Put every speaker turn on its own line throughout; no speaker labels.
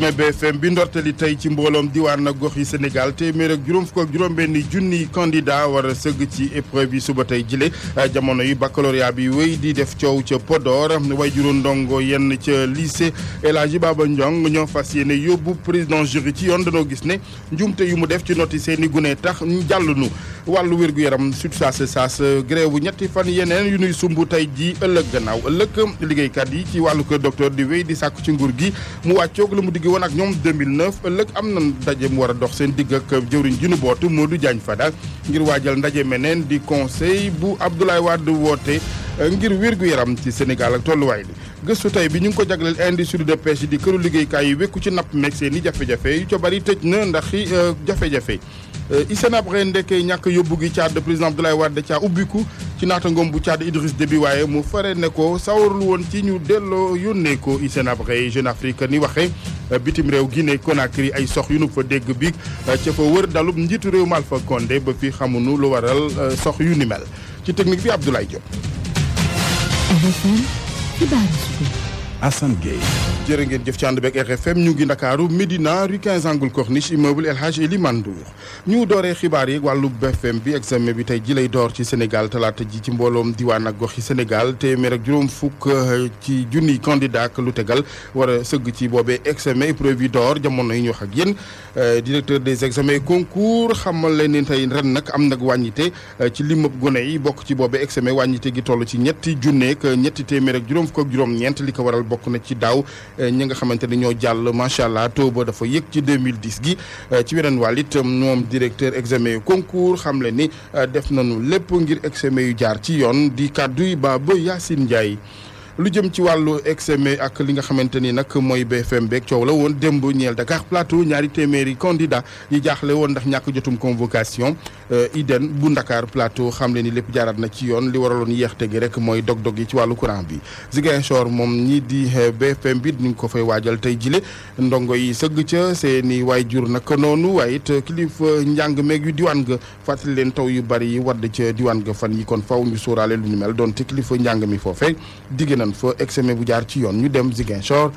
journée BFM bi tey ci mbooloom diwaan na gox yi Sénégal téeméer ak juróom fukk ak juróom-benni junniy candidat war a sëgg ci épreuve yi suba tey jile ah, jamono yi baccalauréat bi wéy di def coow ca Podor way juru ndongo yenn ca lycée El Hadji Baba Ndiong ñoo fas yéene yóbbu président jury ci yoon danoo gis ne njuumte yu mu def ci noti seeni gune tax ñu jàll nu wàllu wér-gu-yaram sut saas saas grève ñetti fan yeneen yu nuy sumb tey ji ëllëg gannaaw ëllëg liggéeykat yi ci wàllu kër di wéy di sàkku ci nguur gi mu wàccoog la mu gi woon ak ñoom 2009 ëllëg am na ndaje mu war dox seen digg ak jëwriñ ji nu bootu Modou jaañ Fada ngir waajal ndaje meneen di conseil bu Abdoulaye Wade woote eh, ngir wér-gu-yaram ci Sénégal ak tolluwaay bi gëstu tey bi ñu ngi ko jagleel industrie de pêche yi di këru liggéeykaay yi wékku ci napp meeg seen i jafe-jafe yu ca bari tëj na ndax i eh, jafe-jafe eh, ISENAB ren ndekkee ñàkk yóbbu gi Tchad président Abdoulaye Wade ca ubbiku ci naatangoom bu Tchad Idriss Déby waaye mu fare ne ko sawarul woon ci ñu delloo yónnee ko ISENAB jeune Afrique ni waxee Euh, bitim réew Guinée Conakry ay sox yu nu fa dégg bi euh, ca fa wër dalub njiitu réew mi Alpha Condé ba fi xamunu lu waral euh, sox yu ni mel ci technique bi Abdoulaye Diop. Assane Gueye. jërë ngeen jëf ci ànd beeg RFM ñu ngi ndakaaru Médina rue 15 angle corniche immeuble El Hadj Eli Mandour ñu dooree xibaar yi wàllu BFM bi examen bi tey ji lay door ci Sénégal talaata ji ci mbooloom diwaan ak gox yi Sénégal téeméer juróom fukk euh, ci junniy candidat ak lu tegal wara sëgg ci boobee examen épreuve yi door jamono yi ñu wax ak yéen euh, directeur des examens concours xamal leen ne tey ren nag am nag wàññite euh, ci limub gone yi bokk ci boobee examen wàññite gi toll ci ñetti junneeg ñetti téeméer ak juróom fukk ak bokk na ci daaw eh, ñi nga xamante ni ñoo jàll macha allah taux ba dafa yëg ci 2010 gi eh, ci weneen wàll itam moom eh, directeur examen yu concours xam le ni def nañu lépp ngir examen yu jaar ci yoon di kàddu yi Baba Yacine Ndiaye lu jëm ci wàllu examen ak li nga xamante ni nag mooy BFM beeg coow la woon démb ñeel Dakar Plateau ñaari téeméeri candidat yi jaaxle woon ndax ñàkk jotum convocation euh, Iden bu Dakar Plateau xam le ni lépp jaaraat na ci yoon li waraloon yeexte gi rek mooy dog-dog yi ci wàllu courant bi Ziguinchor moom ñii di euh, BFM bi ni nga ko fay waajal tey jile ndongo yi sëgg ca seeni waajur nag noonu waaye kilifa njàng meeg yu diwaan ga fàttali leen taw yu bari yi wadd ca diwaan nga fan yi kon faw ñu sóoraale lu ñu mel doon te kilifa njàng mi foofee digg nañ fa examen bu jaar ci yoon ñu dem Ziguinchor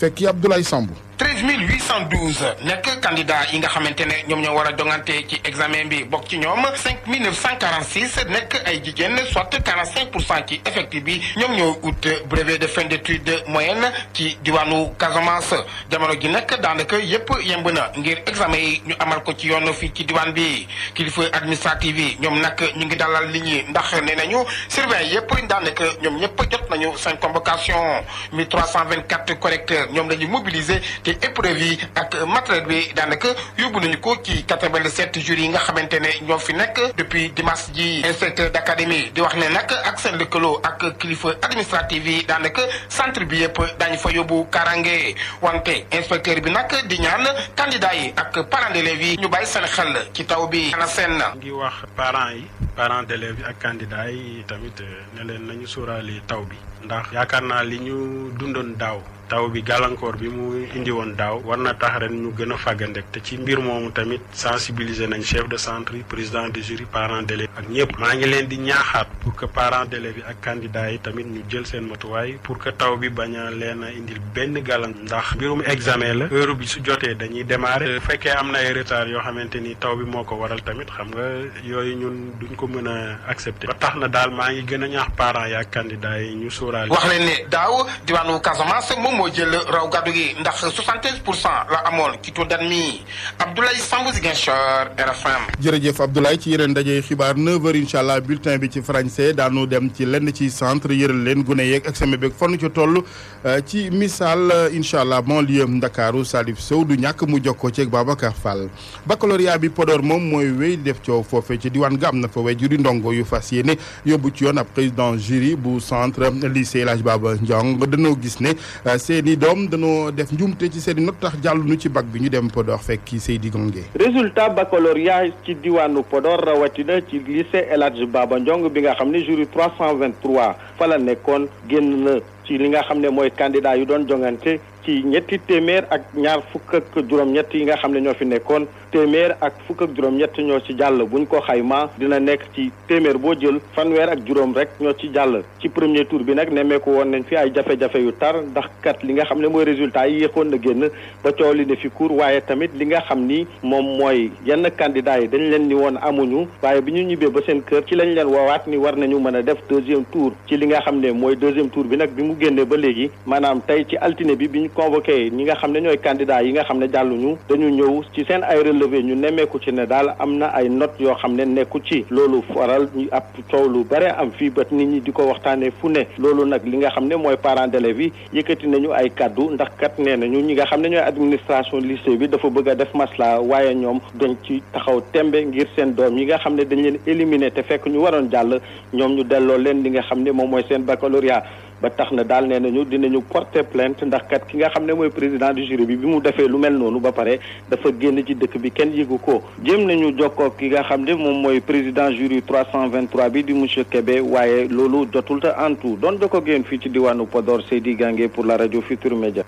fekk yi Abdoulaye Sambou
treize mille cent douze nekk candidat yi nga xamante ne ñoom ñoo war a jongante ci examen bi bokk ci ñoom cinq mille neuf cent quarante six nekk ay jigéen soit quarante cinq pour cent ci effectif bi ñoom ñoo ut brevet de fin d'études moyenne ci diwaanu Casamance jamono ji nag daanaka yépp yemb na ngir examen yi ñu amal ko ci yoon fii ci diwaan bi kilifa administrative yi ñoom nag ñu ngi dalal li ñi ndax nee nañu surveillant daan daanaka ñoom ñëpp jot nañu seen convocation mille trois cent vingt quatre correcteurs ñoom la ñu mobiliser ci épreuve yi ak matériel bi daanaka yóbbu nañu ko ci 87 jours yi nga xamante ne ñoo fi nekk depuis dimanche ji inspecteur d'académie di wax ne nag ak seen lëkkaloo ak kilifa administrative yi daanaka centre bi yëpp daañu fa yóbbu karange wante inspecteur bi nag di ñaan candidat yi ak parents d'élèves yi ñu bàyyi seen xel ci taw bi ana seen ngi
wax parents yi parents d'élèves yi ak candidats yi tamit euh, ne leen nañu sóoraale taw bi ndax yaakaar naa li ñu dundoon daaw taw bi gàllankoor bi mu indi woon daaw war na tax ren ñu gën a fàggandek te ci mbir moomu tamit sensibiliser nañ chef de centre yi président de jury parents d'élèves ak ñëpp maa ngi leen di ñaaxaat pour que parents d'élèves yi ak candidats yi tamit ñu jël seen matuwaay pour que taw bi bañ a leen a indil benn gàllan ndax mbirum examen la heure bi su jotee dañuy démarrer bu fekkee am na ay retard yoo xamante ni taw bi moo ko waral tamit xam nga yooyu ñun duñ ko mën a accepter ba tax na daal maa ngi gën a ñaax parents yi ak yi ñu
sóoraale
moo jël raw gàddu gi ndax 76 pour cent la amoon ci taux d'admis Abdoulaye Samb RFM.
jërëjëf Abdoulaye ci yeneen ndaje xibaar 9h incha allah bulletin bi ci français daanu dem ci lenn ci centre yëral leen gune yeeg examen beeg fan ca toll euh, ci misaal incha allah Ndakaaru Salif Sow du ñàkk mu ko ceeg Babacar Fall. baccalauréat bi Podor moom mooy wéy def coow foofee ci diwaan ga am na fa way juri ndongo yu fas yéene yóbbu ci yoon ab président jury bu seen i doom danoo def njuumte ci seen i not tax jàlluñu ci bac bi ñu dem Podor fekk Seydi Gongue.
résultat baccalauréat ci diwaanu podoor rawatina ci lycée El Hadj Baba Ndiong bi nga xam ne jury 323 fa la nekkoon génn na. ci li nga xam ne mooy candidat yu doon jongante ci ñetti téeméer ak ñaar fukk ak juróom-ñett yi nga xam ne ñoo fi nekkoon téeméer ak fukk ak juróom-ñett ñoo ci jàll buñ ko xayma dina nekk ci téeméer boo jël fanweer ak juróom rek ñoo ci jàll ci premier tour bi nag nemmeeku woon nañ fi ay jafe-jafe yu tar ndax kat li nga xam ne mooy résultat yi yéexoon na génn ba coow li ne fi cour waaye tamit li nga xam ni moom mooy yenn candidat yi dañ leen ni woon amuñu waaye bi ñu ñibbee ba seen kër ci lañ leen woowaat ni war nañu mën def deuxième tour ci li nga xam ne mooy deuxième tour bi nag génne ba léegi maanaam tey ci altine bi bi ñu convoqué ñi nga xam ne ñooy candidat yi nga xam ne jàlluñu dañu ñëw ci seen ay relevé ñu nemmeeku ci ne daal am na ay notes yoo xam ne nekku ci loolu faral ñu ab coow lu bare am fii ba nit ñi di ko waxtaanee fu ne loolu nag li nga xam ne mooy parents d'élèves yi yëkkati nañu ay kàddu ndax kat nee nañu ñi nga xam ne ñooy administration lycée bi dafa bëgg a def masla waaye ñoom dañ ci taxaw tembe ngir seen doom yi nga xam ne dañ leen éliminer te fekk ñu waroon jàll ñoom ñu delloo leen li nga xam ne moom mooy seen baccalauréat ba tax na daal nee nañu dinañu porter plainte ndax kat ki nga xam ne mooy président du jury bi bi mu defee lu mel noonu ba pare dafa génn ci dëkk bi kenn yëgu ko jéem nañu jokkoo ki nga xam ne moom mooy président jury 323 bi di monsieur Kébé waaye loolu jotul te en tout doon jokkoo ak yéen fii ci diwaanu Podor di Gange pour la rajo Futur Média.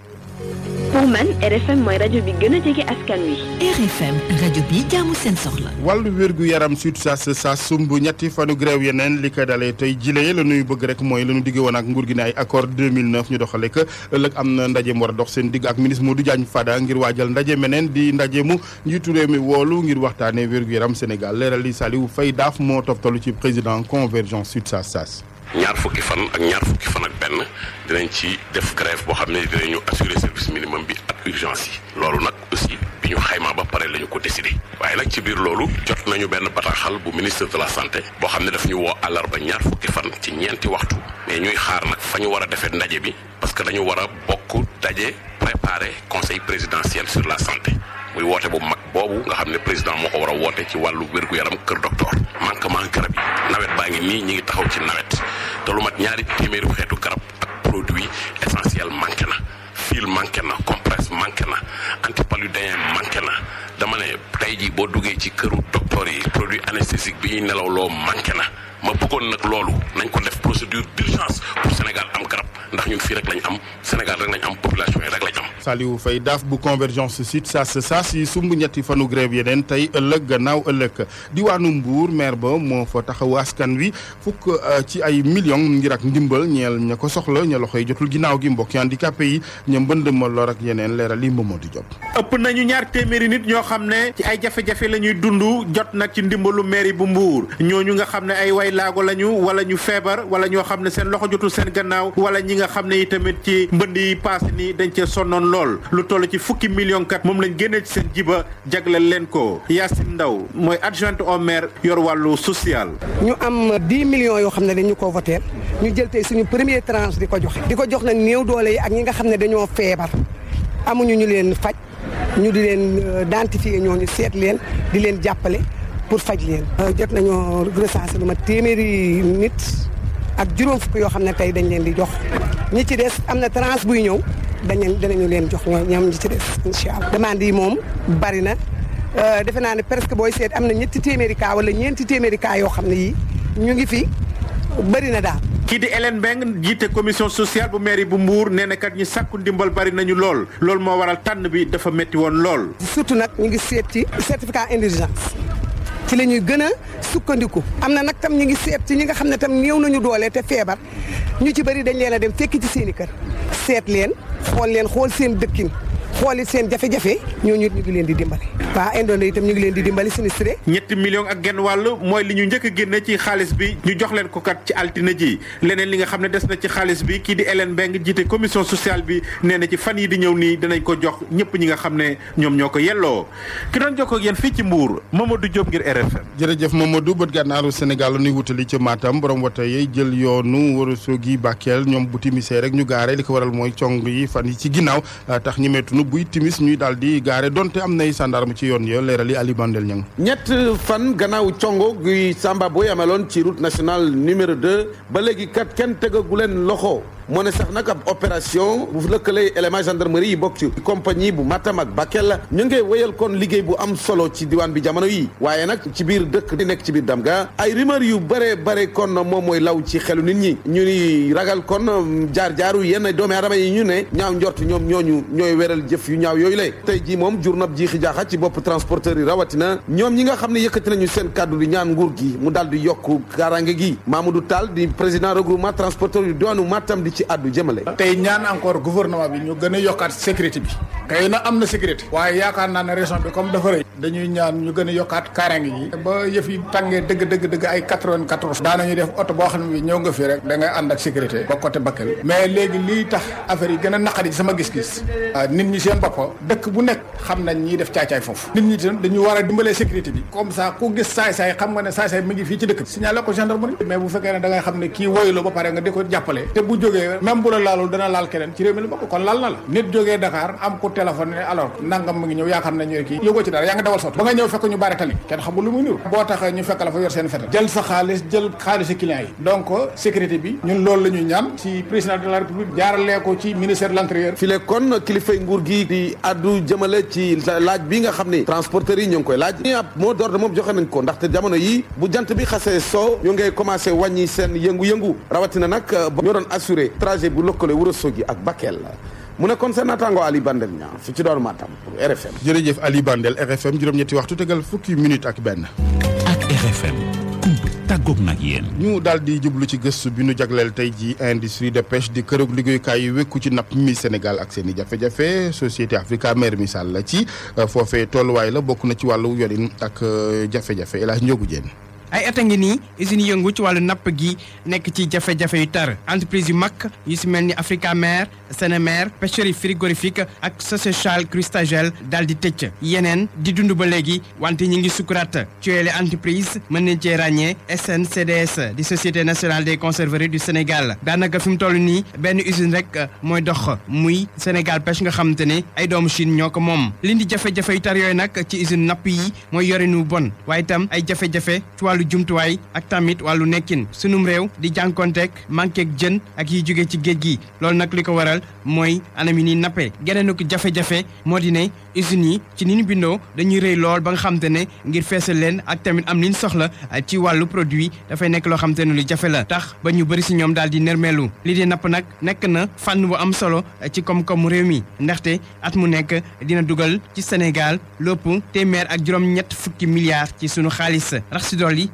pour man RFM mooy
rajo bi gën a jege askan wi. RFM rajo bi jaamu seen soxla.
wàllu wérgu yaram sud sas sa sumb ñetti fanu grève yeneen li ko dalee tey jile la ñuy bëgg rek mooy la ñu digge woon ak nguur gi ne ay accord 2009 ñu doxale ko ëllëg am na ndaje mu war a dox seen digg ak ministre du Diagne Fada ngir waajal ndaje meneen di ndaje mu njiitu réew mi woolu ngir waxtaanee wérgu yaram Sénégal leeral li Saliou Faye daaf moo toftalu ci président convergence sud sas sas.
ñaar fukki fan ak ñaar fukki fan ak benn dinañ ci def grève boo xam ne dinañu assurer service minimum bi ak urgence yi loolu nag aussi bi ñu xaymaa ba pare lañu ñu ko décidé waaye nag ci biir loolu jot nañu benn bataaxal bu ministre de la santé boo xam ne dafa ñu woo àllarba ñaar fukki fan ci ñeenti waxtu mais ñuy xaar nag fa ñu war a defee ndaje bi parce que dañu war a bokk daje préparer conseil présidentiel sur la santé muy woote bu mag boobu nga xam ne président moo ko war a woote ci wàllu wér-gu-yaram kër docteur manquement garab yi nawet baa ngi nii ñi ngi taxaw ci nawet te lu mat ñaari téeméeri xeetu garab ak produit essentiel manqué na fil manqué na compresse manqué na antipaludin manqué na dama ne tey jii boo duggee ci këru docteur yi produit anesthésique bi ñuy nelawloo manqué na ma bëggoon nag loolu nañ ko def procédure d'urgence pour Sénégal am garab ndax ñun fii rek lañ am Sénégal rek lañ am population yi rek lañ am.
Saliou Faye daaf bu convergence sud saas saas yi sumb ñetti fanu grève yeneen tey ëllëg gannaaw ëllëg diwaanu Mbour maire ba moo fa taxawu wi fukk euh, ci ay millions ngir ak ndimbal ñeel ña ko soxla ña loxo yi jotul ginnaaw gi mbokki handicapé yi ña mbënd ma lor ak yeneen leeral yi Mamadou Diop.
ëpp nañu ñaar téeméeri nit ñoo xam ne ci ay jafe-jafe la ñuy wala ñoo xam ne seen loxo jotul seen gannaaw wala ñi nga xam ne itamit ci mbënd yi paase ni dañ cee sonnoon lool lu toll ci fukki million kat moom lañ génnee ci seen jiba jagleel leen ko Yacine Ndaw mooy adjointe au maire yor wàllu social.
ñu am 10 millions yoo xam ne dañu ko voté ñu jël tey suñu premier tranche di ko joxe. di ko jox nag néew doole yi ak ñi nga xam ne dañoo feebar amuñu ñu leen faj ñu di leen euh, identifier ñooñu seet leen di leen jàppale pour faj leen. Euh, jot nañoo recensé lu ma téeméeri nit. ak juróom fukk yoo xam ne tey dañ leen di jox ñi ci des am na tranche buy ñëw dañu danañu leen jox ñoom ñi ci des incha allah. demande yi moom bari na euh, defe naa ne presque booy seet am na ñetti téeméeri cas wala ñeenti téeméeri cas yoo xam ne yii ñu ngi fi bari na daal.
kii di Hélène Mbengue jiite commission sociale bu mairie bu mbuur nee na kat ñi sàkku ndimbal bari nañu lool loolu moo waral tànn bi dafa
métti woon lool. surtout nag ñu ngi seet ci certificat indigence ci la ñuy sukkandiku am na nag tam ñu ngi seet ci ñi nga xam ne tam néew nañu doole te feebar ñu ci bëri dañ leen a dem fekki ci seen i kër seet leen xool leen xool seen dëkkin xoolit seen jafe-jafe ñooñu ñu ngi leen di dimbale waa indone tam ñu ngi leen di dimbale sinistré
ñetti million ak genn wàll mooy li ñu njëkk a génne ci xaalis bi ñu jox leen ko kat ci altine ji leneen li nga xam ne des na ci xaalis bi kii di Hélène Mbeng jiite commission sociale bi nee na ci fan yi di ñëw nii dinañ ko jox ñëpp ñi nga xam ne ñoom ñoo ko yelloo ki doon jokkoo ak fii ci mbuur Mbour du Diop ngir RFM
jërëjëf Mamadou bët gànnaaru Sénégal la nuy wutali ci Matam borom wata yi jël yoonu Ourossogui Bakel ñoom bu timisee rek ñu gaare li ko waral mooy cong yi fan yi ci ginnaaw tax ñi mettunu buy timis ñuy daal di gaare donte am nay sandarme ci yoon yo leerali Ali Bandel Niang
ñett fan gannaaw congo guy Samba Boy ameloon ci route nationale numéro 2 ba léegi kat kenn tegagu leen loxo moo ne sax nag ab opération bu lëkkalee élément gendarmerie yi bokk ci compagnie bu Matam ak Bakel ñu ngay wéyal koon liggéey bu am solo ci diwaan bi jamono yi waaye nag ci biir dëkk di nekk ci biir Damga ay rumeur yu bare bare kon moom mooy law ci xelu nit ñi ñu ni ragal kon jaar yenn doomi aadama yi ñu ne ñaaw njort ñoom ñooñu ñooy weral jëf jëf yu ñaaw yooyu lay tey jii moom jur nab jiixi jaaxa ci bopp transporteurs yi rawatina ñoom ñi nga xam ne yëkkati nañu seen kàddu di ñaan nguur gi mu daal di yokk kaaraange gi Mamadou Tall di président regroupement transporteur yu doonu Matam di ci àddu jëmale tey ñaan encore gouvernement bi ñu gën a yokkaat sécurité bi kay na am na sécurité
waaye yaakaar naa ne région bi comme dafa rëy dañuy ñaan ñu gën a yokkaat kaaraange yi ba yëf yi tàngee dëgg dëgg ay 94 daanañu def oto boo xam ne bi ñëw nga fii rek da ngay ànd ak sécurité ba côté Bakel mais léegi lii tax affaire a naqari sama gis-gis nit seen boppa dëkk bu nekk xam nañ ñiy def caay foofu nit ñi tam dañu war a dimbalee sécurité bi comme ça ku gis saay-saay xam nga ne saay-saay mi ngi fii ci dëkk bi ko gendarmerie mais ko kon laal na la nit jógee Dakar am ku téléphone ne alors nangam mu ngi ñëw yaa xam ne ñu kii yógoo ci dara yaa nga dawal sot ba nga ñëw fekk ñu bari tali kenn xamul lu muy niru boo tax ñu fekk la fa
yor seen fetal jël sa xaalis jël xaalisu clients yi donc sécurité gi yi di addu jëmale ci laaj bi nga xam ni transporteurs yi ñu ngi koy laaj ñi ab mot d'ordre moom joxe nañ ko ndaxte jamono yi bu jant bi xasee soo ñu ngay commencé wàññi seen yëngu-yëngu rawatina nag euh, ñoo doon assuré trajet bu lëkkale Ourossogui ak Bakel mu nekkoon seen naataango Ali Bandel ñaa fi ci door Matam pour
RFM jërëjëf Ali Bandel RFM juróom-ñetti waxtu tegal fukki minute ak benn tàggoog nag yéen ñu daal di jublu ci gëstu bi nu jagleel tey ji industrie de pêche di kërug liggéeyukaay yi wékku ci napp mi Sénégal ak seen i jafe-jafe société Africa Mer la ci foofee tolluwaay la bokk na ci wàllu yorin ak euh, jafe-jafe El Hadj Ndiogou
ay at a nii usines yëngu ci wàllu napp gi nekk ci jafe-jafe yu tar entreprise yu mag yu si mel ni Africamer Senemer pêcherie frigorifique ak Sénéchal Crustagel daal di tëcc yeneen di dund ba léegi wante ñi ngi sukuraat ci yooyu entreprise mën nañ cee ràññee SNCDS di société nationale des conserveries du Sénégal daanaka fi mu toll nii benn usine rek euh, mooy dox muy Sénégal pêche nga xamante ne ay doomu Chine ñoo ko moom li di jafe-jafe tar yooyu nag ci usine napp yi mooy yorinu bon waaye ay jafe wàllu jumtuwaay ak tamit wàllu nekkin sunum réew di jànkonteeg manqué ak jën ak yiy jóge ci géej gi loolu nag li ko waral mooy anam yi ni nappe geneen ko jafe-jafe moo di ne usines yi ci ni ñu bindoo dañuy rëy lool ba nga xam ne ngir feesal leen ak tamit am liñ soxla ci wàllu produit dafay nekk loo xam ne lu jafe la tax ba ñu bëri si ñoom daal di nermeelu li di napp nag nekk na fànn bu am solo ci koom-koomu réew mi ndaxte at mu nekk dina dugal ci Sénégal lépp téeméer ak juróom fukki milliards ci sunu xaalis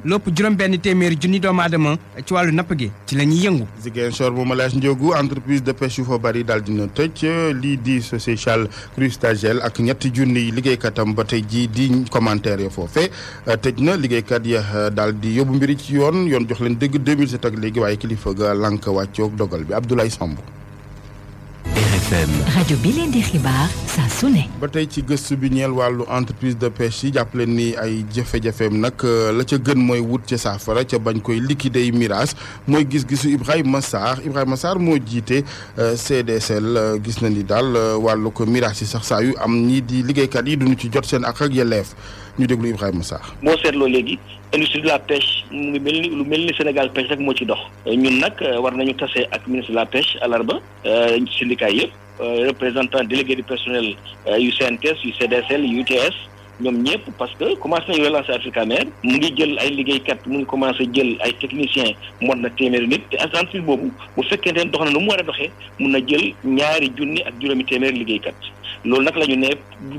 lépp juróom-benn téeméeri junni doomu aadama ci wàllu napp gi ci la ñuy yëngu.
Ziguinchor bu Malaye Ndiogu entreprise de pêche yu fa bari daal dina tëj lii di Séchal Crustagel ak ñetti junni liggéeykatam ba tey jii di commentaire ya foofee tëj na liggéeykat ya daal di yóbbu mbiri ci yoon yoon jox leen dëgg 2007 ak léegi waaye kilifa ga lank wàccoog dogal bi Abdoulaye Samb. FM. rajo bi leen di xibaar saa su ne. ba tey ci gëstu bi ñeel wàllu entreprise de pêche yi jàpp leen ni ay jafe-jafeem nag euh, la ca gën mooy wut ca saafara ca bañ koy liquider mirage mooy gis-gisu Ibrahima Sarr Ibrahima Sarr moo jiite euh, CDSL euh, gis na ni daal wàllu ko mirage yi sax saa yu am ñii di liggéeykat yi duñu ci jot seen ak ak yelleef ñu déglu Ibrahima Sarr.
moo seetloo léegi industrie de la pêche mu ngi mel ni lu mel ni Sénégal pêche rek moo ci dox. ñun nag euh, war nañu tase ak ministre de la pêche àlarba euh, syndicat yëpp euh, représentant délégué du personnel yu CNTS yu CDSL yu UTS. ñoom ñëpp parce que commencé nañu relancer Africamer mu ngi jël ay liggéeykat mu ngi commencé jël ay techniciens mot na téeméeri nit te entreprise boobu bu fekkente ne dox na nu mu war a doxee mun na jël ñaari junni ak juróomi téeméeri liggéeykat loolu nag la ñu ne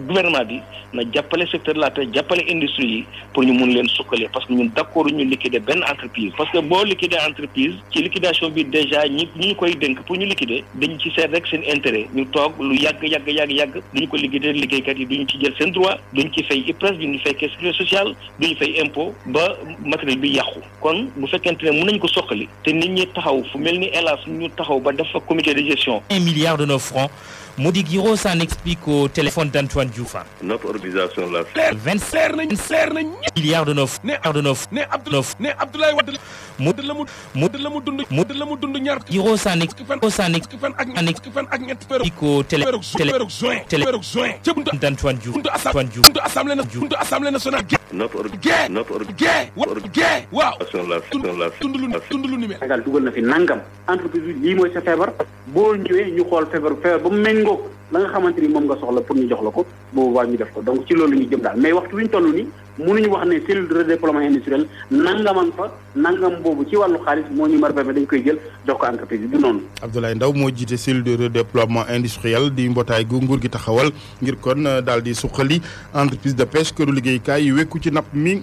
gouvernement bi na jàppale secteur la te jàppale industrie yi pour ñu mun leen sukkale parce que ñun d'accord ñu liquider benn entreprise parce que boo liquider entreprise ci liquidation bi déjà ñi ñu koy dénk pour ñu liquider dañu ci seet rek seen intérêt ñu toog lu yàgg yàgg yàgg yàgg duñu ko liquider liggéeykat yi duñu ci jël seen droit duñ fay IPRES duñu fay sécurité sociale duñu fay impôt ba matériel bi yàqu kon bu fekkente ne mun nañ ko soqali te nit ñi taxaw fu mel ni hélas ñu taxaw ba def fa comité de gestion.
un milliard de nos francs. Mody Guiro s'en explique au téléphone d'Antoine Diouf. notre
organisation
la. leer leer nañ leer nañ ñëpp. milliards de neuf. ne de neuf. ne Abdou neuf. ne Abdoulaye Wade. mu de la mu mu de la mu dund. mu de la mu dund ñaar. Guiro s'en explique. s'en explique fan ak ñett fan ak ñett. explique au télé télé télé d'Antoine Diouf. Antoine Diouf. assemblée nationale. assemblée nationale. notre gée. notre gée. wa gée. waaw. dund lu dund lu ni mel. Sénégal dugal na fi nangam.
entreprise bi lii mooy sa feebar. boo ñëwee ñu xool feebar feebar ba mu méngóog la nga xamante ni moom nga soxla pour ñu jox la ko boobaa ñu def ko donc ci loolu ñu jëm daal mais waxtu wi ñu toll nii mënuñu wax ne cellule de redéploiement industriel
nangaman fa nangam boobu ci wàllu xaalis moo ñu mar ba dañ koy jël jox ko entreprise bi du noonu.
Abdoulaye Ndaw moo jiite cellule de redéploiement industriel di mbootaay gu nguur gi taxawal ngir kon euh, daal di suqali entreprise de pêche këru liggéeykaay yi wekku ci napp mi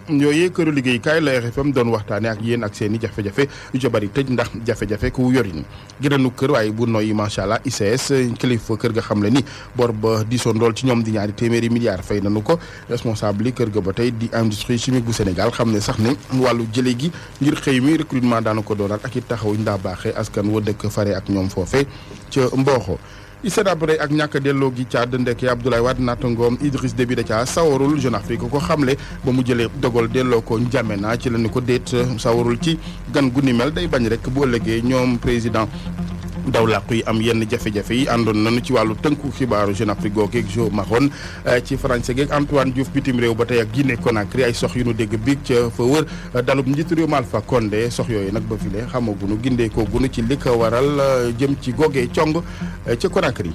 kër liggéey kaay la RFM doon waxtaane ak yéen ak seen i jafe-jafe yu ndax jafe-jafe ku yorin gënanu kër waaye bu nooyi macha allah ICS kilifa kër ga xam le ni bor ba diisoon lool ci ñoom di ñaari téeméeri milliards fay nañu ko responsable yi kër ga ba tey di industrie chimique bu Sénégal xam ne sax ni wàllu jële gi ngir xëy mi recrutement daana ko doonaat ak it taxawuñ daa baaxee askan wa dëkk fare ak ñoom foofe ca Mbooxo Hissène ak ñàkk delloo gi Tchad ndeke Abdoulaye Wade nattangoom Idriss Déby Déthié sawarul Jeune Afrique ko xamle ba mu jëlee dogal delloo ko naa ci la ni ko déet sawarul ci gan gu ni mel day bañ rekk bu ëllëgee ñoom président daw làqu yi am yenn jafe-jafe yi àndoon nañu ci wàllu tënku xibaaru Jeune Afrique googeeg Jo Maron eh, ci français geeg Antoine Diouf bitim réew ba tey ak Guinée Conakry ay sox yu nu dégg biig ca fa wër eh, dalub njiitu réew Alpha Condé sox yooyu nag ba file xamagunu gindee ko gunu ci li ko waral eh, jëm ci googee cong ca Conakry.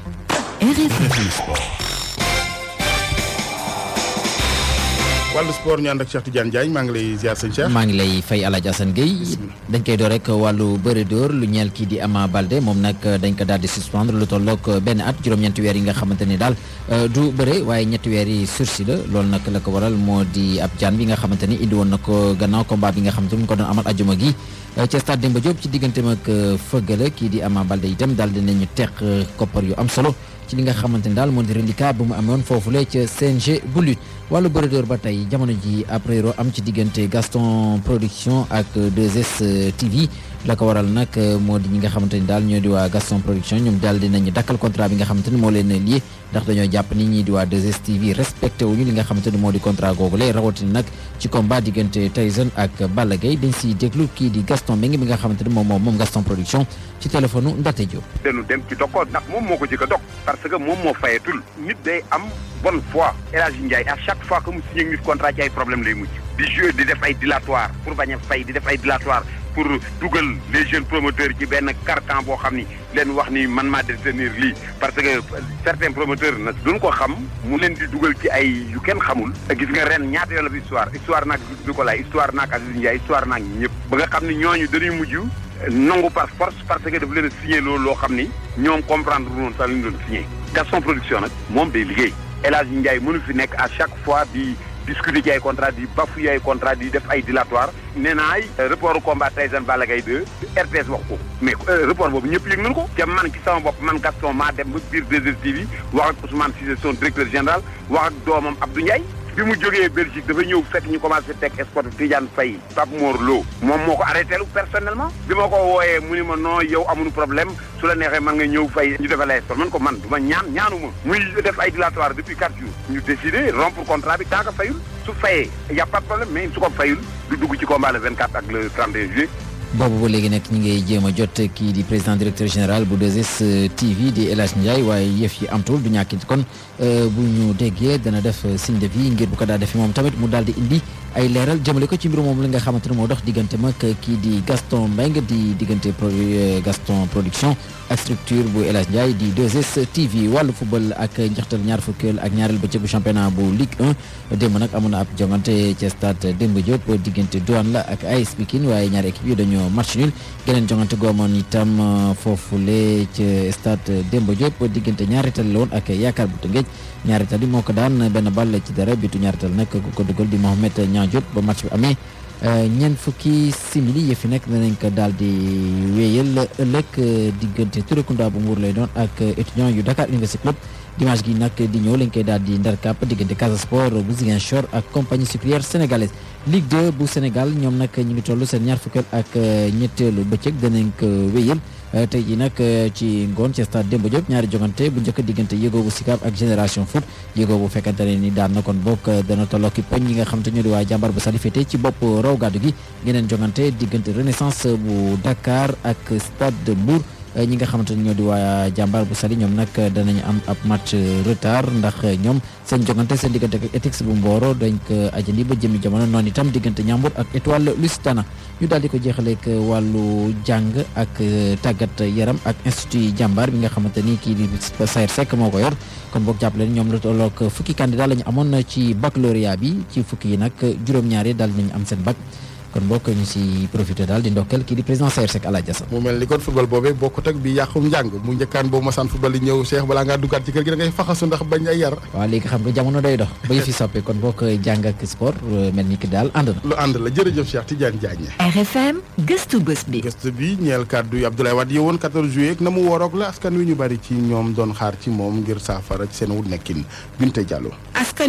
wàllu sport ñu ànd ak Cheikh Tidiane Diagne maa ngi lay ziar sëñ ngi lay fay El Hadj Assane Gueye. dañ koy door rek wàllu bëre dóor lu ñeel kii di amaa Balde moom nag dañ ko daal di suspendre lu tolloog benn at juróom ñeenti weer yi nga xamante ni daal euh, du bëre waaye ñetti weer yi sursis la loolu nag la ko waral moo di ab jaan bi nga xamante ni indi woon na ko gannaaw combat bi nga xamante ni mu ko doon amal ajuma gi. Euh, ca stade Demba Diop ci digganteem ak euh, fëggala kii di Ama Balde itam daal dinañu teq koppar yu am solo. ci li nga xamante ne daal moo di reliquat bu mu amoon foofule ca CNG bu lutte wàllu ba tey jamono ji après am ci diggante Gaston Production ak 2S TV la ko waral nag euh, moo di ñi nga xamante daal ñoo di waa Gaston Production ñoom daal dinañu dakkal contrat bi nga xamante ni moo leen lii ndax dañoo jàpp ni ñii di waa 2STV respecté wuñu li nga xamante moo di contrat googu lay rawatina nag ci combat diggante Tyson ak Balla Gaye dañ siy déglu kii di Gaston Mbengue bi nga xamante ni moom moom moom Gaston Production ci téléphone u Ndate Diop
dañu dem ci dokkoon ndax moom moo ko jëkk a parce que moom moo fayetul nit day am bonne foi El Hadji Ndiaye à chaque pour bañ a di def ay dilatoire pour dugal les jeunes promoteurs ci benn carton boo xam ni leen wax ni man maa détenir lii parce que certains promoteurs nag duñ ko xam mu leen di dugal ci ay yu kenn xamul gis nga ren ñaata yoon la fi histoire histoire naag du ko laay histoire naag Aziz ñëpp ba nga xam ni ñooñu dañuy mujj euh, nangu par force parce que daf leen a signé loolu loo xam ni ñoom comprendre noonu sax li ñu doon signé Gaston production nag moom day liggéey El Hadj Ndiaye mënu fi nekk à chaque fois di discuter ci contrat di bafouiller ay contrat di def ay dilatoire nee naay report combat Tyson Balla Gaye 2 RTS wax ko mais euh, report boobu ñëpp yëg nañu ko te man ci sama bopp man Gaston maa dem ba biir 2STV wax ak Ousmane Cissé son directeur général wax ak doomam Abdou Ndiaye bi mu jógee Belgique dafa ñëw fekk ñu commencé teg escorte Tidiane Faye Pape Mor Lo moom moo ko arrêté lu personnellement bi ma ko wooyee mu ni ma non yow amul problème su la neexee man nga ñëw fay ñu defalee la escorte man ko man du ma ñaan ñaanuma muy def ay dilatoire depuis quatre jours ñu décidé rompre contrat bi tant que fayul su fayee y a pas problème mais su ko fayul du dugg ci combat le 24 ak le 31 juillet
boobu ba léegi nag ñi ngay jéem a jot kii di président directeur général bu 2S TV di El Hadj Ndiaye waaye yëf yi amtul du ñàkkit kon Euh, bu ñu déggee dana def signe de vie ngir bu ko daa defee moom tamit mu daal di indi ay leeral jëmale ko ci mbir moom li nga xamante ne moo dox diggante mag kii di Gaston Mbengue di diggante euh, Gaston production ak structure bu El Hadj Ndiaye di 2S TV wàllu football ak njaxtal ñaar fukkeel ak ñaareel bëccëgu championnat bu Ligue 1 démb nag amoon na ab jongante ci stade Demba Diop diggante Douane la ak AS Pikine waaye ñaari équipe yi dañoo match nul geneen jongante goomoon itam foofule ci stade Demba Diop diggante ñaari tal la woon ak yaakaar bu ñaarital yi moo ko daan benn balle ci dara bitu ñaarital nag ku ko dugal di Mohamed Niang Diop ba match bi amee euh, ñeen fukki simili yëfi nag danañ ko daal di wéyal ëllëg euh, diggante Turekunda bu Mbour lay doon ak étudiant yu Dakar Université Club dimanche gi nag di ñëw lañ koy daal di ndar kàpp diggante Casa Sport bu Ziguinchor ak compagnie sucrière sénégalaise Ligue 2 bu Sénégal ñoom nag ñu ngi toll seen ñaar fukkeel ak euh, ñetteelu bëccëg danañ ko wéyal Eh, tey ji nag eh, ci ngoon ci stade Demba Diop ñaari jogante bu njëkk diggante yëgoo bu Sicap ak génération foot yëgoo bu fekkante ne ni daan na kon bokk eh, dana tolloo ki poñ yi nga xam te ñoo di waa jàmbar bu salifete ci bopp raw gàddu gi ngeneen jogante diggante renaissance bu Dakar ak stade de Mbour Eh, ñi nga xamante ni ñoo di waa jàmbaar bu sali ñoom nag eh, danañu am ab match eh, retard ndax ñoom seen jogante seen diggante ak Etix bu Mboro dañ ko ajandi ba jëmi jamono noonu itam diggante Ñambur ak Étoile Lusitana ñu daal di ko jeexaleek wàllu jàng ak tàggat yaram ak institut jàmbaar bi nga xamante ni kii di Sayer moo ko yor kon boog jàppale ñoom lu tollook fukki candidat la ñu amoon ci baccalauréat bi ci fukki yi nag juróom-ñaar yi nañu am seen bac kon bokk ñu si profité daal di ndokkeel kii di président Saër Seck Alaaj Jasan
mu mel ni kon football boobee bokkut ak bi yàqum njàng mu njëkkaan boobu masaan football yi ñëw Cheikh balaa ngaa duggaat ci kër gi da faxasu ndax bañ yar waaw léegi xam nga jamono day
dox ba yëf yi soppi kon bokk jàng ak sport euh, mel ni ki daal ànd na
lu ànd la jërëjëf Cheikh Tidiane Diagne RFM gëstu bés bi gëstu bi ñeel kàddu yi Abdoulaye Wade yowoon 14 juillet
ak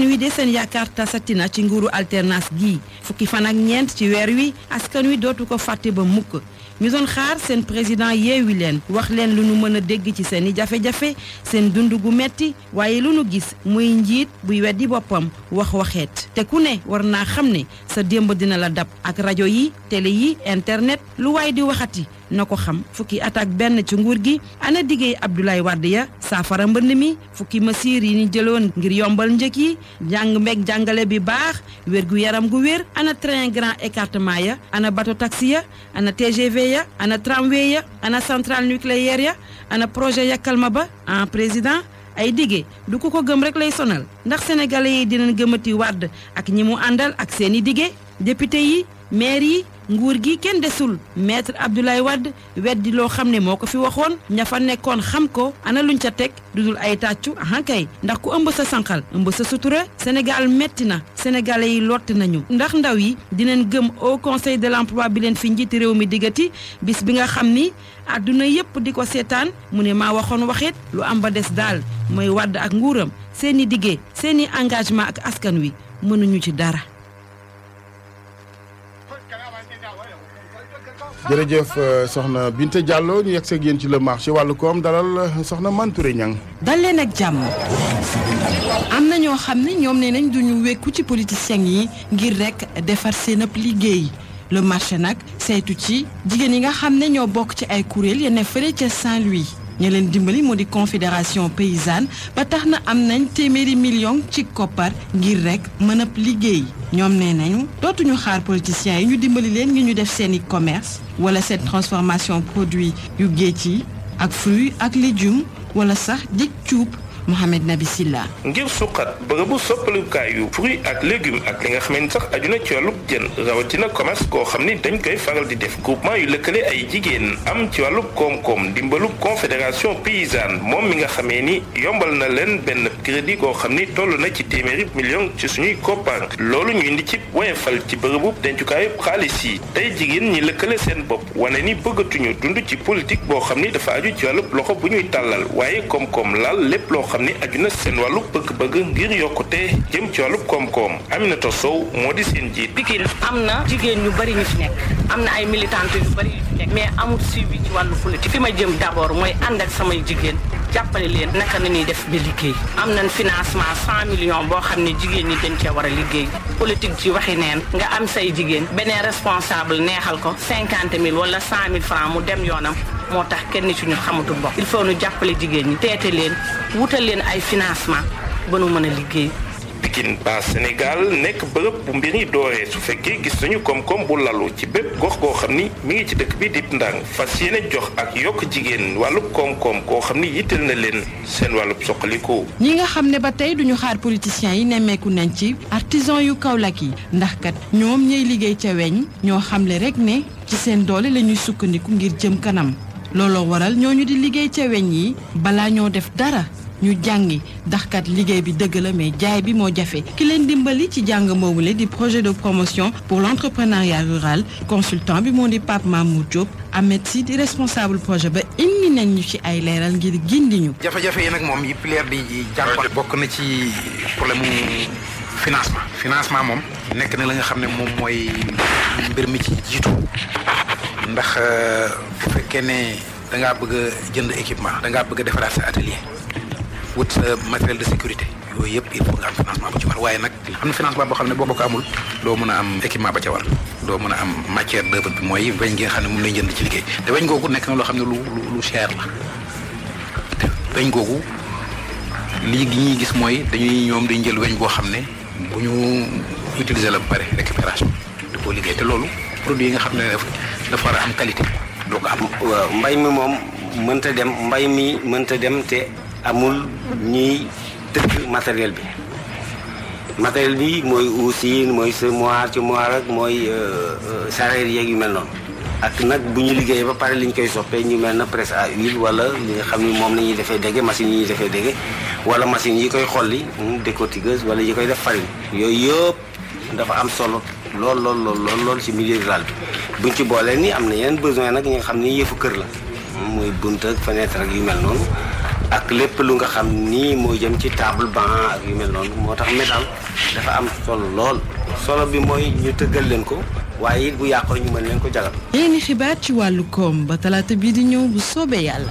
ñeent wi askan wi dootu ko fàtte ba mukk ñu doon xaar seen président yeewi leen wax leen lu nu mën a dégg ci seen i jafe-jafe seen dund gu metti waaye lu nu gis muy njiit buy weddi boppam wax waxeet te ku ne war naa xam ne sa démb dina la dab ak rajo yi tele yi internet lu waay di waxati na ko xam fukki attaque benn ci nguur gi ana diggéey Abdoulaye Wade ya saafara mbënd mi fukki mesures yi ñu jëloon ngir yombal njëkk yi jàng mbeg jàngale bi baax wér gu yaram gu wér ana train grand écartement ya ana bateau taxi ya ana TGV ya ana tramway ya ana centrale nucléaire ya ana projet ya ma ba en président ay dige du ko ko gëm rek lay sonal ndax sénégalais yi dina gëmati Wade ak ñi mu àndal ak seeni dige député yi maire yi nguur gi kenn desul maître Abdoulaye Wade weddi loo xam ne moo ko fi waxoon ña fa nekkoon xam ko ana luñ ca teg du dul ay tàccu ahankay ndax ku ëmb sa sànqal ëmb sa sutura Sénégal metti na sénégalais yi lott nañu ndax ndaw yi dinañ gëm au conseil de l'emploi bi leen fi njiiti réew mi diggati bis bi nga xam ni àdduna yépp di ko seetaan mu ne maa waxoon waxit lu am ba des daal mooy wadd ak nguuram seeni diggé seeni engagement ak askan wi mënuñu ci dara
jërëjëf euh, soxna Binte jàlloo ñu yegg seeg yéen ci le marché wàllu koom dalal euh, soxna Mantouré Niang.
dal leen ak jàmm am na ñoo xam ne ñoom nee nañ duñu wékku ci politiciens yi ngir rek defar seen ab liggéey le marché nag saytu ci jigéen yi nga xam ne ñoo bokk ci ay kuréel ya ne fële ca Saint-Louis. ña leen dimbali moo di confédération paysanne ba tax na am nañ téeméeri million ci koppar ngir rek mën a liggéey ñoom nee nañu dootuñu xaar politiciens yi ñu dimbali leen ngir ñu def seeni i commerce wala seen transformation produit yu géej yi ak fruits ak légumes wala sax jëg cuub Mohamed Nabi Silla
ngir suqat bërëbu soppalukaay yu fruit ak légumes ak li nga xam ne sax aju na ci wàllub jën rawatina commerce koo xam ni dañ koy faral di def groupement yu lëkkale ay jigéen am ci wàllu koom-koom dimbalu confédération paysanne moom mi nga xamee ni yombal na leen benn crédit koo xam ni toll na ci téeméeri million ci suñuy koppar loolu ñu indi ci woyefal ci bërëbu dencukaay xaalis yi tey jigéen ñi lëkkale seen bopp wane ni bëggatuñu dund ci politique boo xam ni dafa aju ci wàllub loxo bu ñuy tàllal waaye koom-koom laal xam ni aju na seen wàllu bëgg-bëgg ngir yokkute jëm ci wàllu koom-koom Aminata Sow moo di seen jiit.
Pikine am na jigéen ñu bari ñu fi nekk am na ay militante yu bari ñu fi nekk mais amul suivi ci wàllu politique fi ma jëm d'abord mooy ànd ak samay jigéen. jàppale leen naka na ñuy def bi liggéey am nañ financement cent millions boo xam ne jigéen ñi dañ cee war a liggéey politique ci waxi neen nga am say jigéen beneen responsable neexal ko cinquante mille wala cent mille francs mu dem yoonam moo tax kenn ci ñu xamatul bopp il faut ñu jàppale jigéen ñi teete leen wutal leen ay financement ba nu mën a liggéey
Pikine ba Sénégal nekk bërëb bu mbir yi dooree su fekkee gis nañu koom-koom bu lalu ci bépp gox goo xam ni mi ngi ci dëkk bi dib ndàng fas yéene jox ak yokk jigéen wàllub koom-koom koo xam ni yitteel na leen seen wàllub soqaliku.
ñi nga xam ne ba tey duñu xaar politiciens yi nemmeeku nañ ci artisan yu Kaolack yi ndax kat ñoom ñay liggéey ca weñ ñoo xamle rek ne ci seen doole la ñuy sukkandiku ngir jëm kanam. looloo waral ñoo ñu di liggéey ca weñ yi balaa ñoo def dara ñu jàngi ndaxkat liggéey bi dëgg la mais jaay bi moo jafe ki leen dimbali ci jàng moomule di projet de promotion pour l'entrepreneuriat rural consultant bi moo di Pape mu Diop Ahmed si di responsable projet ba indi nañ ñu ci ay leeral ngir gindi ñu. jafe-jafe yi nag
moom yi plaire di jàppal bokk na ci problème
financement financement moom nekk na la nga xam ne moom mooy mbir mi ci jiitu. ndax euh, bu fekkee ne da ngaa bëgg a jënd équipement. da bëgga bëgg defaraat sa atelier wut sa matériel de sécurité. yooyu yëpp il faut nga am financement bu ci war waaye nag am na financement boo xam ne boo ko amul doo mën a am équipement ba ca war doo mën a am matière d'œuvre bi mooy weñ gi xam ne moom lay jënd ci liggéey te weñ googu nekk na loo xam ne lu lu cher la te weñ googu lii gi ñuy gis mooy dañuy ñoom dañu jël weñ boo xam ne bu ñu utiliser la ba pare récupération di
dafa am qualité doo ko am mbay mi moom mënta dem mbay mi
mënta dem te amul ñuy tëgg matériel bi matériel bi mooy usine mooy semoir ci moir ak mooy sareer euh, euh,
yeeg yu mel noonu ak nag bu ñu liggéeyee ba pare li ñu koy soppee ñu mel na presse à huile wala nga xam ni moom la ñuy defee dégg machines yi defee dégg wala machines yi koy xolli hmm, décortiqueuse wala yi koy def farine yooyu yëpp dafa am solo lool lool lool lool lool ci milieu rural bi buñ ci boolee nii am na yeneen besoin nag ñi nga xam ni yëfu kër la muy bunt ak fenêtre ak yu mel noonu ak lépp lu nga xam ni moo jëm ci table banc ak yu mel noonu moo tax métal dafa am solo lool solo bi mooy ñu tëggal leen ko waaye it bu yàqoo ñu mën
leen ko jagal.
yéen xibaar ci wàllu koom ba talaata bii di ñëw bu soobee yàlla.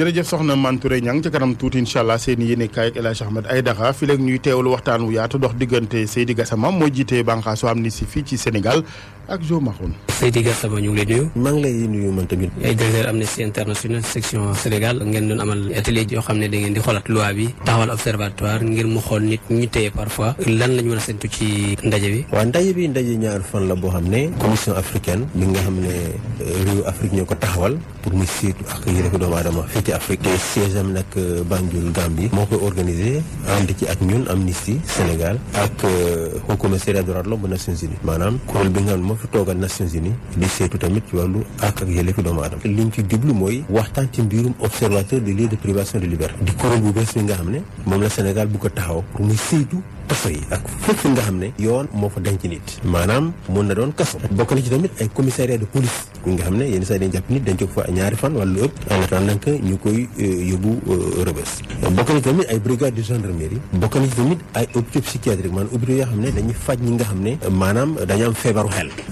jërëjëf soxna Mantouré Niang ci kanam tuuti incha allah seen yéene kaay ak El Hadj Ahmed Aïdara fi léegi ñuy teewlu waxtaan wu yaatu dox diggante Seydi Gassama moo jiite bànqaasu Amnesty fii ci Sénégal ak Jo Maxoun.
Seydi Gassama ñu ngi lay nuyu. nuyu man tamit. ay directeur Amnesty International Sénégal ngeen doon amal atelier yoo xam ne da ngeen di xoolaat loi bi taxawal observatoire ngir mu xool nit ñu téye parfois lan la ñu mën a séntu ci ndaje bi. waaw ndaje bi ndaje ñaar fan la boo xam ne commission africaine bi nga xam ne euh, réew Afrique ñoo ko ci Afrique te siège am nag euh, Banjul bi moo koy organisé ànd ci ak ñun Amnesty Sénégal ak Haut euh, Commissariat des droits de l'homme bu Nations Unies maanaam kuréel bi nga xam ne moo fi toogal Nations Unies di seetu tamit ci wàllu ak ak yelleefu doomu aadama liñ ci mooy waxtaan ci mbirum observateur des lieux de privation de liberté di kuréel bu bees bi nga xam ne moom la Sénégal bu ko taxaw pour muy saytu kaso yi ak fépp fi nga xam ne yoon moo fa denc nit maanaam mun na doon kaso bokk na ci tamit ay commissariat de police ñi nga xam ne yénn saa yi dañ jàpp nit dañ ko fa ñaari fan wala lu ëpp en attendant euh, euh,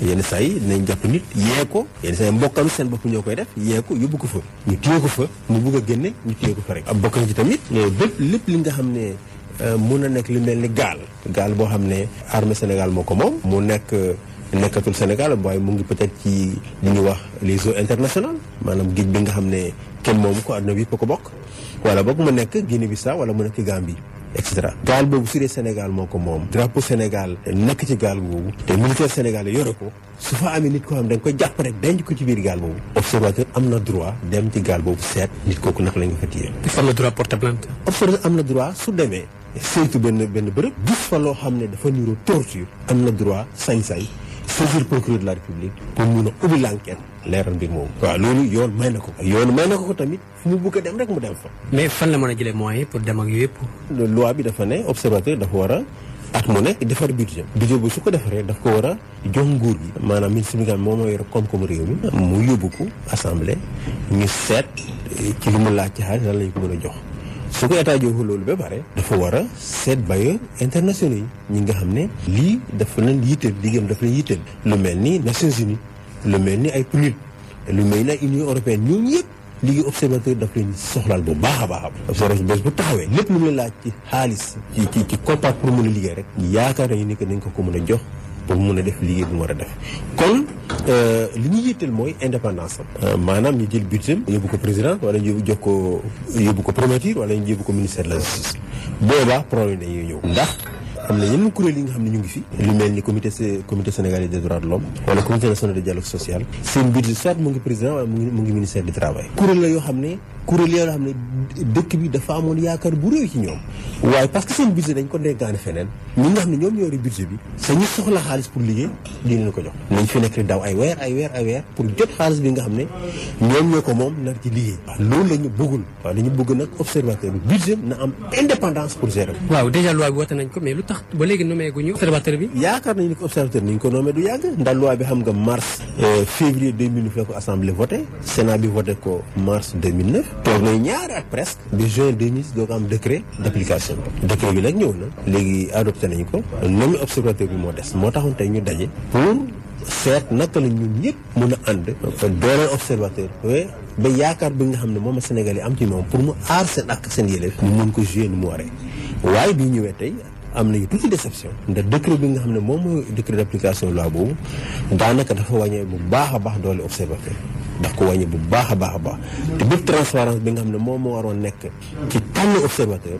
yenn saa yi dinañ jàpp ko yenn saa yi mbokkam seen bopp ñoo koy def yee ko yóbbu ko fa ñu téye ko fa mu bugg a génne ñu téye ko fa rek bokk na ci tamit lépp euh, lépp li nga xam ne Euh, mun a nekk lu mel ni gaal gaal boo xam ne armée Sénégal moo ko moom mu nekk nekkatul Sénégal waaye mu ngi peut-être ci li ñuy wax les eaux internationales maanaam géej bi nga xam ne kenn moomu ko àdduna bi ko bokk wala boog mu nekk Guinée-Bissau wala mu nekk Gambie et cetera. gaal boobu su dee Sénégal moo ko moom drapeau Sénégal nekk ci gaal boobu te militaire Sénégal yore ko su fa amee nit ko xam ne koy jàpp rek denc ko ci biir gaal boobu observateur am na droit dem ci gaal boobu seet nit kooku naka la ñu ko fa téye. am na droit su demee. saytu benn benn bërëb gis fa loo xam ne dafa niroo torture am na droit sañ-sañ saisir procureur de la république pour mun a ubbi l'enquête leeral mbir moomu waaw loolu yoon may na ko yoon may na ko ko tamit fu mu bëgg a dem rek mu dem fa mais fan la mën a jëlee moyens pour dem ak yëpp loi bi dafa ne observateur dafa war a at mu nekk defar budget budget bu su ko defaree daf ko war a jox nguur gi maanaam ministre bi nga moom moo yor koom-koomu réew mi mu yóbbu ko assemblée ñu seet ci li mu ci xaalis lan lañ ko mën a jox su ko état loolu ba pare dafa war a seet bailleurs internationaux yi ñi nga xam ne lii dafa leen yitteel liggéeyam dafa leen yitteel lu mel ni Nations Unies lu mel ni ay PNUD lu mel ni ay Union européenne ñooñu yëpp liggéey observateur daf leen soxlaal bu baax a baax observateur bés bu taxawee lépp lu mu la laaj ci xaalis ci ci ci koppar pour mën a liggéey rek yaakaar nañu ni que nañ ko ko mën a jox pour mun a def liggéey bu mu war a def kon euh, li ñu yitteel mooy indépendance am euh, maanaam ñu jël budget yóbbu ko président wala ñu jox ko yóbbu ko primature wala ñu yóbbu ko ministère de la justice boobaa problème dañuy ñëw ndax am na yeneen kuréel yi nga xam ne ñu ngi fi lu mel ni comité comité sénégalais des droits de l'homme wala comité national de dialogue social seen budget soit mu ngi président wala mu ngi ministère du travail kuréel la yoo xam ne kuréel yoo xam ne dëkk bi dafa amoon yaakaar bu réew ci ñoom waaye parce que seen budget dañ ko dénkaane feneen ñi nga xam ne ñoom ñoo xaalis pour liggéey di leen ko jox nañ fi nekk daw ay weer ay weer ay pour jot bi nga xam ne ñoom ñoo ko moom nar ci liggéey loolu la ñu bëggul waaw dañu bëgg nag observateur bi budget na am indépendance waaw déjà loi bi woote nañ ko mais lu tax ba léegi nommé guñu observateur bi yaakaar nañu ni ko observateur nañ ko nommé du yàgg ndax loi bi xam nga mars euh, février 2009 la ko assemblée voté sénat bi voté ko mars toog na ñaari at presque de juin 2010 doo ko am décret d' application décret bi nag ñëw na léegi adopté nañu ko noonu observateur bi moo des moo tax tey ñu daje pour seet naka la ñun ñëpp mën a ànd fa ba yaakaar bi nga xam ne moom Sénégal yi am ci moom pour mu aar seen ak seen yëleef ñu mën ko joué ni mu waree waaye bii ñëwee tey am nañu tuuti déception ndax décret bi nga xam ne moom mooy décret d' application loi boobu daanaka dafa wàññee bu baax a baax doole observateur daf ko wàññi bu baax a baax a baax te bépp transparence bi nga xam ne moom moo waroon nekk ci tànn observateur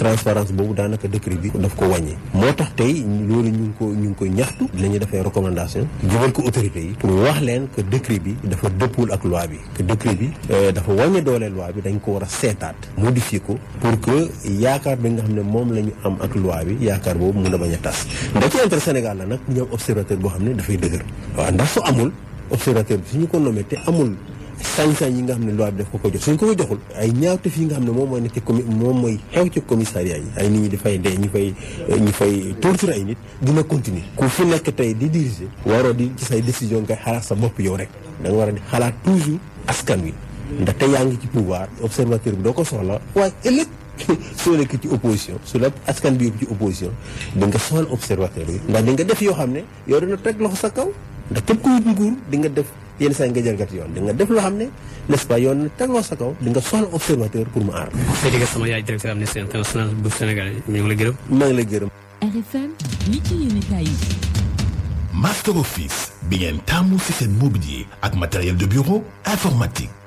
transparence boobu daanaka décret bi daf ko wàññi moo tax tey loolu ñu ko ñu ngi koy ñaxtu la ñu defee recommandation jubal ko autorité yi pour wax leen que décret bi dafa dëppul ak loi bi que décret bi euh, dafa wàññi doole loi bi dañ ko war a seetaat modifier ko pour que yaakaar bi nga xam ne moom la ñu am ak loi bi yaakaar boobu mun a bañ a tas ndax ci intérêt Sénégal la nag ñu am observateur boo xam ne dafay dëgër waaw ndax su amul observateur bi suñu ko nommé te amul sañ-sañ yi nga xam ne loi bi daf ko ko jox suñ ko joxul ay ñaawtef yi nga xam ne moom mooy nekk ci commi moom mooy xew ci commissariat yi ay nit ñi dafay dee ñu fay ñu fay torture ay nit dina continuer ku fi nekk tey di diriger waroo di ci say décision kay xalaat sa bopp yow rek da nga war a di xalaat toujours askan wi ndaxte yaa ngi ci pouvoir observateur bi doo ko soxla waaye ëllëg soo nekk ci opposition su askan bi yóbbu ci opposition da nga soxla observateur bi ndax di nga def yoo xam ne yow na teg loxo sa kaw ndax képp ko wut nguur di nga def yenn saa yi nga jërgati yoon di nga def loo xam ne n'est-ce pas yoon tegloo sa kaw di nga soxla observateur pour mu aar.
Sénégal sama yaay directeur Amnesty International bu Sénégal mu ngi la gërëm.
maa ngi la gërëm.
RFM li ci yéen kaay yi.
Master Office bi ngeen taamu ci seen mobilier ak matériel de bureau informatique.